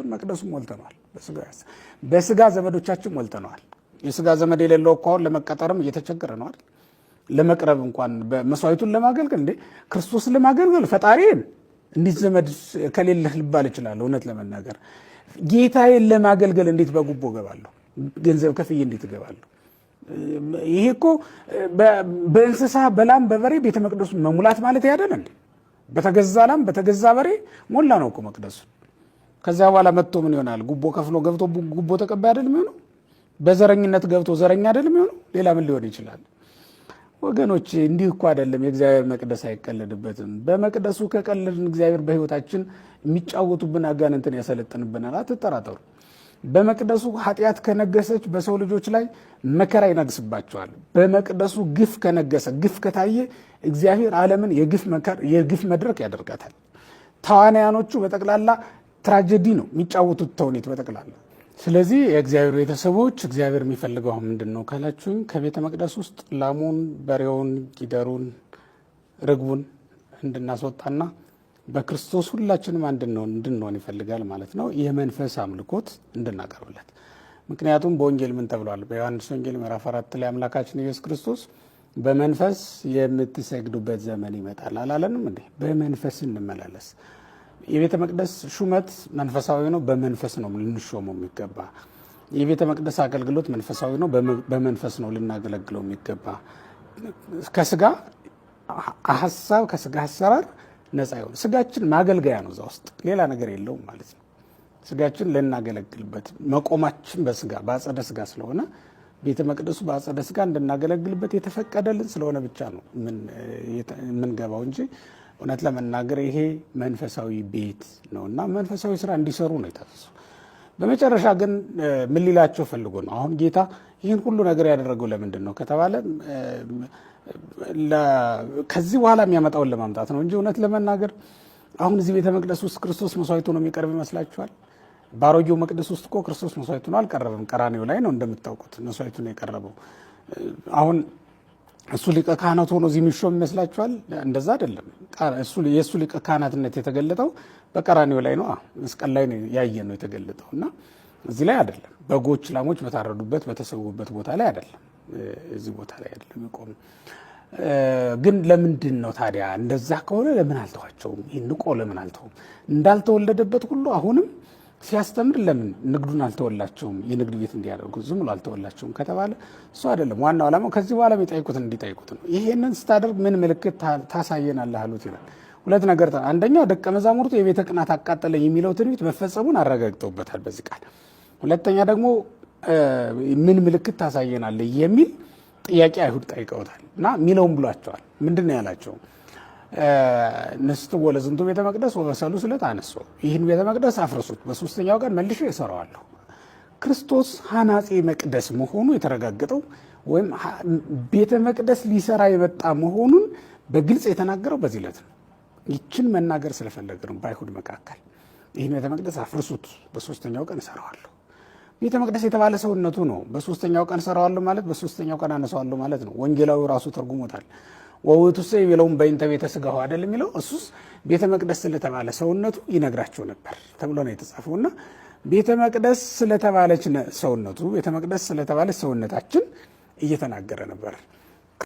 ክርስቶስ መቅደሱን ሞልተነዋል። በስጋ ዘመዶቻችን ሞልተነዋል። የስጋ ዘመድ የሌለው እኮ አሁን ለመቀጠርም እየተቸገረ ነዋል። ለመቅረብ እንኳን መስዋዕቱን ለማገልገል እንዴ ክርስቶስ ለማገልገል ፈጣሪን እንዴት ዘመድ ከሌለህ ልባል ይችላል። እውነት ለመናገር ጌታዬን ለማገልገል እንዴት በጉቦ እገባለሁ? ገንዘብ ከፍዬ እንዴት እገባለሁ? ይሄ እኮ በእንስሳ በላም በበሬ ቤተ መቅደሱን መሙላት ማለት ያደለ እንዴ? በተገዛ ላም በተገዛ በሬ ሞላ ነው እኮ መቅደሱን። ከዚያ በኋላ መጥቶ ምን ይሆናል? ጉቦ ከፍሎ ገብቶ ጉቦ ተቀባይ አይደል የሚሆነው? በዘረኝነት ገብቶ ዘረኛ አይደል የሚሆነው? ሌላ ምን ሊሆን ይችላል? ወገኖች እንዲህ እኮ አይደለም። የእግዚአብሔር መቅደስ አይቀለድበትም። በመቅደሱ ከቀለድን እግዚአብሔር በሕይወታችን የሚጫወቱብን አጋንንትን ያሰለጥንብናል። አትጠራጠሩ። በመቅደሱ ኃጢአት ከነገሰች በሰው ልጆች ላይ መከራ ይነግስባቸዋል። በመቅደሱ ግፍ ከነገሰ ግፍ ከታየ እግዚአብሔር ዓለምን የግፍ መድረክ ያደርጋታል። ተዋናያኖቹ በጠቅላላ ትራጀዲ ነው የሚጫወቱት ተውኔት በጠቅላላ። ስለዚህ የእግዚአብሔር ቤተሰቦች እግዚአብሔር የሚፈልገው ምንድን ነው ካላችሁኝ፣ ከቤተ መቅደስ ውስጥ ላሙን፣ በሬውን፣ ጊደሩን፣ ርግቡን እንድናስወጣና በክርስቶስ ሁላችንም አንድነው እንድንሆን ይፈልጋል ማለት ነው። የመንፈስ አምልኮት እንድናቀርብለት ምክንያቱም በወንጌል ምን ተብሏል? በዮሐንስ ወንጌል ምዕራፍ አራት ላይ አምላካችን ኢየሱስ ክርስቶስ በመንፈስ የምትሰግዱበት ዘመን ይመጣል አላለንም እንዴ? በመንፈስ እንመላለስ። የቤተ መቅደስ ሹመት መንፈሳዊ ነው። በመንፈስ ነው ልንሾመው የሚገባ። የቤተ መቅደስ አገልግሎት መንፈሳዊ ነው። በመንፈስ ነው ልናገለግለው የሚገባ። ከስጋ ሀሳብ ከስጋ አሰራር ነፃ ይሆን። ስጋችን ማገልገያ ነው። እዛ ውስጥ ሌላ ነገር የለውም ማለት ነው። ስጋችን ልናገለግልበት መቆማችን በስጋ በአጸደ ስጋ ስለሆነ ቤተ መቅደሱ በአጸደ ስጋ እንድናገለግልበት የተፈቀደልን ስለሆነ ብቻ ነው የምንገባው እንጂ እውነት ለመናገር ይሄ መንፈሳዊ ቤት ነው እና መንፈሳዊ ስራ እንዲሰሩ ነው የታዘዙ። በመጨረሻ ግን ምን ሊላቸው ፈልጎ ነው? አሁን ጌታ ይህን ሁሉ ነገር ያደረገው ለምንድን ነው ከተባለ ከዚህ በኋላ የሚያመጣውን ለማምጣት ነው እንጂ እውነት ለመናገር አሁን እዚህ ቤተ መቅደስ ውስጥ ክርስቶስ መስዋዕቱ ነው የሚቀርብ ይመስላችኋል? በአሮጌው መቅደስ ውስጥ እኮ ክርስቶስ መስዋዕቱ ነው አልቀረበም። ቀራኔው ላይ ነው እንደምታውቁት መስዋዕቱ ነው የቀረበው። አሁን እሱ ሊቀ ካህናት ሆኖ እዚህ የሚሾም ይመስላችኋል? እንደዛ አይደለም። የእሱ ሊቀ ካህናትነት የተገለጠው በቀራኒው ላይ ነው፣ መስቀል ላይ ያየ ነው የተገለጠው እና እዚህ ላይ አይደለም። በጎች ላሞች በታረዱበት በተሰዉበት ቦታ ላይ አይደለም። እዚህ ቦታ ላይ አይደለም የቆመ ግን ለምንድን ነው ታዲያ? እንደዛ ከሆነ ለምን አልተዋቸውም? ይህን ንቆ ለምን አልተውም? እንዳልተወለደበት ሁሉ አሁንም ሲያስተምር ለምን ንግዱን አልተወላቸውም? የንግድ ቤት እንዲያደርጉ ዝም ብሎ አልተወላቸውም ከተባለ እሱ አይደለም ዋናው ዓላማው። ከዚህ በኋላ የሚጠይቁትን እንዲጠይቁት ነው። ይሄንን ስታደርግ ምን ምልክት ታሳየናለህ አሉት ይላል። ሁለት ነገር፣ አንደኛው ደቀ መዛሙርቱ የቤተ ቅናት አቃጠለኝ የሚለው ትንቢት መፈጸሙን አረጋግጠውበታል በዚህ ቃል። ሁለተኛ ደግሞ ምን ምልክት ታሳየናለህ የሚል ጥያቄ አይሁድ ጠይቀውታል እና ሚለውም ብሏቸዋል። ምንድን ነው ያላቸው? ንስትዎ ለዝንቱ ቤተ መቅደስ ወበሰሉ ስለት አነሶ ይህን ቤተ መቅደስ አፍርሱት፣ በሶስተኛው ቀን መልሼ እሰራዋለሁ። ክርስቶስ ሐናፄ መቅደስ መሆኑ የተረጋገጠው ወይም ቤተ መቅደስ ሊሰራ የመጣ መሆኑን በግልጽ የተናገረው በዚህ ዕለት ነው። ይችን መናገር ስለፈለገ ነው። በአይሁድ መካከል ይህን ቤተ መቅደስ አፍርሱት፣ በሶስተኛው ቀን እሰራዋለሁ። ቤተ መቅደስ የተባለ ሰውነቱ ነው። በሶስተኛው ቀን እሰራዋለሁ ማለት በሶስተኛው ቀን አነሳዋለሁ ማለት ነው። ወንጌላዊ ራሱ ተርጉሞታል። ወውቱሰ ቢለውም በይንተ ቤተ ስጋሁ አይደል የሚለው እሱስ ቤተ መቅደስ ስለተባለ ሰውነቱ ይነግራቸው ነበር ተብሎ ነው የተጻፈው እና ቤተ መቅደስ ስለተባለች ሰውነቱ ቤተ መቅደስ ስለተባለች ሰውነታችን እየተናገረ ነበር።